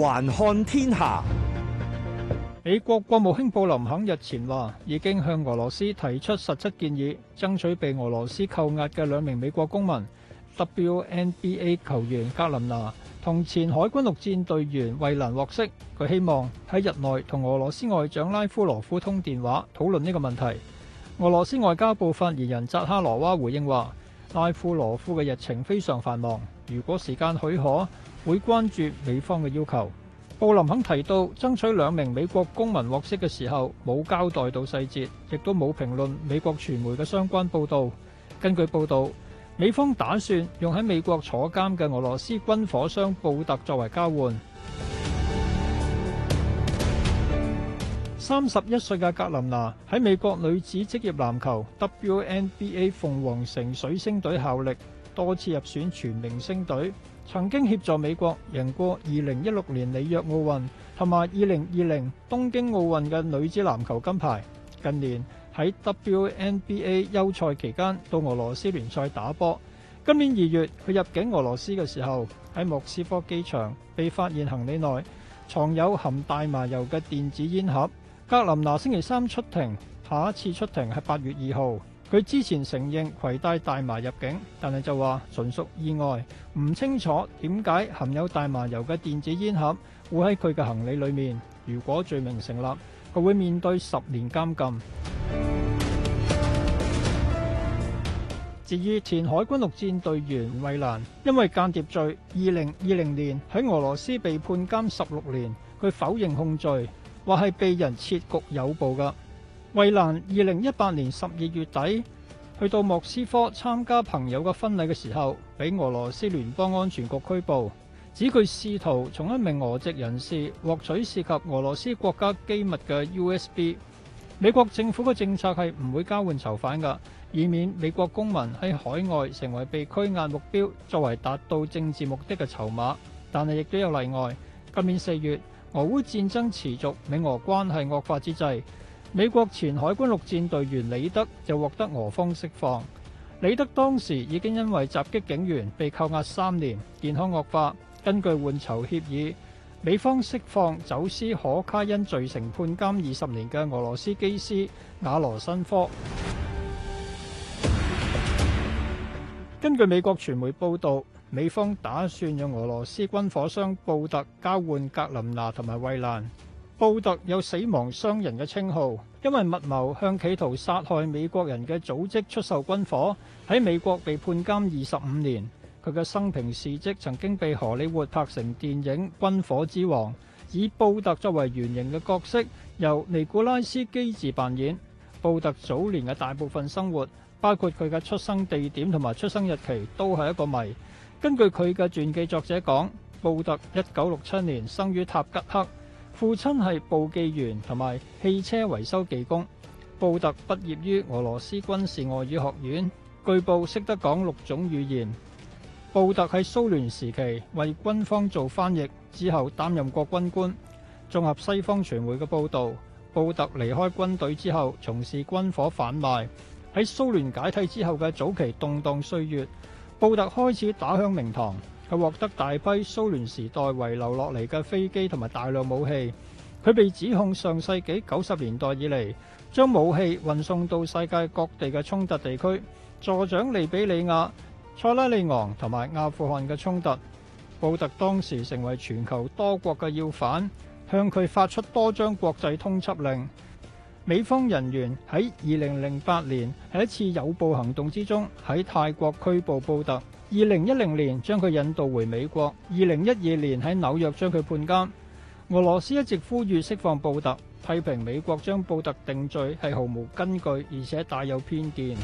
環看天下，美國國務卿布林肯日前話，已經向俄羅斯提出實質建議，爭取被俄羅斯扣押嘅兩名美國公民 WNBA 球員格林娜同前海軍陸戰隊員惠蘭獲釋。佢希望喺日內同俄羅斯外長拉夫羅夫通電話討論呢個問題。俄羅斯外交部發言人扎哈羅娃回應話，拉夫羅夫嘅日程非常繁忙。如果時間許可，會關注美方嘅要求。布林肯提到爭取兩名美國公民獲釋嘅時候，冇交代到細節，亦都冇評論美國傳媒嘅相關報導。根據報導，美方打算用喺美國坐監嘅俄羅斯軍火商布特作為交換。三十一歲嘅格林娜喺美國女子職業籃球 WNBA 鳳凰城水星隊效力。多次入選全明星隊，曾經協助美國贏過二零一六年里約奧運同埋二零二零東京奧運嘅女子籃球金牌。近年喺 WNBA 休賽期間到俄羅斯聯賽打波。今年二月佢入境俄羅斯嘅時候，喺莫斯科機場被發現行李內藏有含大麻油嘅電子煙盒。格林拿星期三出庭，下一次出庭係八月二號。佢之前承認攜帶大麻入境，但係就話純屬意外，唔清楚點解含有大麻油嘅電子煙盒會喺佢嘅行李裏面。如果罪名成立，佢會面對十年監禁。至於前海軍陸戰隊員衛蘭，因為間諜罪，二零二零年喺俄羅斯被判監十六年，佢否認控罪，話係被人設局誘捕嘅。衛蘭二零一八年十二月底去到莫斯科參加朋友嘅婚禮嘅時候，俾俄羅斯聯邦安全局拘捕，指佢試圖從一名俄籍人士獲取涉及俄羅斯國家機密嘅 USB。美國政府嘅政策係唔會交換囚犯噶，以免美國公民喺海外成為被拘押目標，作為達到政治目的嘅籌碼。但係亦都有例外，今年四月，俄烏戰爭持續，美俄關係惡化之際。美國前海軍陸戰隊員李德就獲得俄方釋放。李德當時已經因為襲擊警員被扣押三年，健康惡化。根據換囚協議，美方釋放走私可卡因罪成判監二十年嘅俄羅斯機師亞羅申科。根據美國傳媒報道，美方打算用俄羅斯軍火商布特交換格林娜同埋衛蘭。布特有死亡商人嘅稱號，因為密謀向企圖殺害美國人嘅組織出售軍火，喺美國被判監二十五年。佢嘅生平事蹟曾經被荷里活拍成電影《軍火之王》，以布特作為原型嘅角色，由尼古拉斯基治扮演。布特早年嘅大部分生活，包括佢嘅出生地點同埋出生日期，都係一個謎。根據佢嘅傳記作者講，布特一九六七年生於塔吉克。父親係報記員同埋汽車維修技工。布特畢業於俄羅斯軍事外語學院，據報識得講六種語言。布特喺蘇聯時期為軍方做翻譯，之後擔任過軍官。綜合西方傳媒嘅報導，布特離開軍隊之後從事軍火販賣。喺蘇聯解體之後嘅早期動盪歲月，布特開始打響名堂。佢獲得大批蘇聯時代遺留落嚟嘅飛機同埋大量武器，佢被指控上世紀九十年代以嚟將武器運送到世界各地嘅衝突地區，助長利比里亞、塞拉利昂同埋阿富汗嘅衝突。布特當時成為全球多國嘅要犯，向佢發出多張國際通緝令。美方人員喺二零零八年喺一次誘捕行動之中，喺泰國拘捕布特。二零一零年將佢引渡回美國，二零一二年喺紐約將佢判監。俄羅斯一直呼籲釋放布特，批評美國將布特定罪係毫無根據，而且大有偏見。